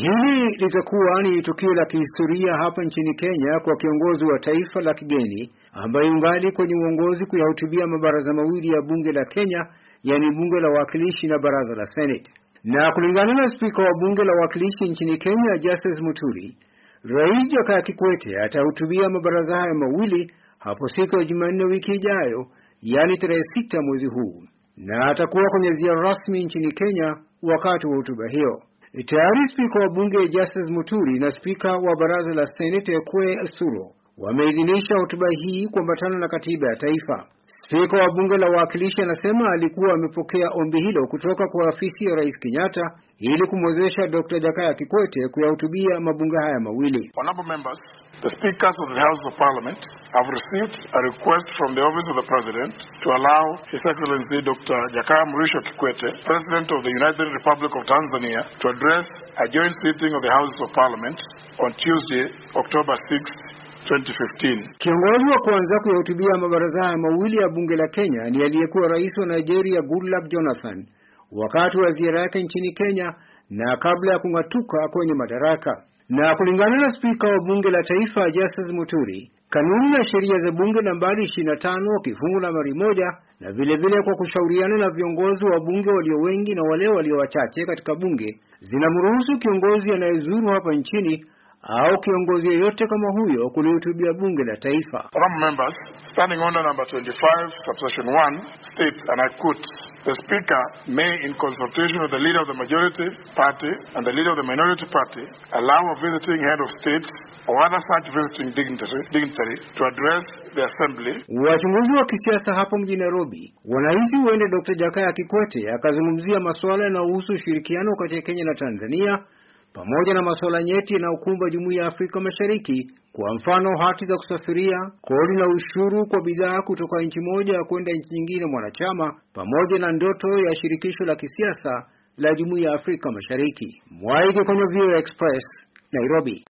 Hili litakuwa ni tukio la kihistoria hapa nchini Kenya kwa kiongozi wa taifa la kigeni ambaye ungali kwenye uongozi kuyahutubia mabaraza mawili ya bunge la Kenya, yaani bunge la wawakilishi na baraza la Senate. Na kulingana na spika wa bunge la wawakilishi nchini Kenya, Justice Muturi, Rais Jakaya Kikwete atahutubia mabaraza hayo mawili hapo siku ya Jumanne wiki ijayo, yaani tarehe sita mwezi huu, na atakuwa kwenye ziara rasmi nchini Kenya wakati wa hotuba hiyo. Tayari spika wa bunge Justice Muturi na spika wa baraza la seneti Kwe Suro wameidhinisha hotuba hii kuambatana na katiba ya taifa. Spika wa bunge la wawakilishi anasema alikuwa amepokea ombi hilo kutoka kwa afisi ya Rais Kenyatta ili kumwezesha Dr. Jakaya Kikwete kuyahutubia mabunge haya mawili. Honorable members, the speakers of the House of Parliament have received a request from the office of the President to allow His Excellency Dr. Jakaya Mrisho Kikwete, President of the United Republic of Tanzania, to address a joint sitting of the Houses of Parliament on Tuesday, October 6 2015. Kiongozi wa kwanza kuyahutubia mabaraza haya mawili ya bunge la Kenya ni aliyekuwa rais wa Nigeria Goodluck Jonathan wakati wa ziara yake nchini Kenya na kabla ya kung'atuka kwenye madaraka. Na kulingana na spika wa bunge la taifa Justice Muturi, kanuni na sheria za bunge nambari 25 kifungu nambari moja, na vile vile kwa kushauriana na viongozi wa bunge walio wengi na wale walio wachache katika bunge zinamruhusu kiongozi anayezuru hapa nchini au kiongozi yoyote kama huyo kulihutubia bunge la taifa. Some members standing under number 25 subsection 1 states and I quote the speaker may in consultation with the leader of the majority party and the leader of the minority party allow a visiting head of state or other such visiting dignitary, dignitary to address the assembly. Wachunguzi wa kisiasa hapo mjini Nairobi wanahisi huende Dr. Jakaya Kikwete akazungumzia masuala yanayohusu ushirikiano kati ya Kenya na Tanzania pamoja na masuala nyeti yanayokumba Jumuiya ya Afrika Mashariki, kwa mfano hati za kusafiria, kodi na ushuru kwa bidhaa kutoka nchi moja kwenda nchi nyingine mwanachama, pamoja na ndoto ya shirikisho la kisiasa la Jumuiya ya Afrika Mashariki. Mwaige kwenye VOA Express, Nairobi.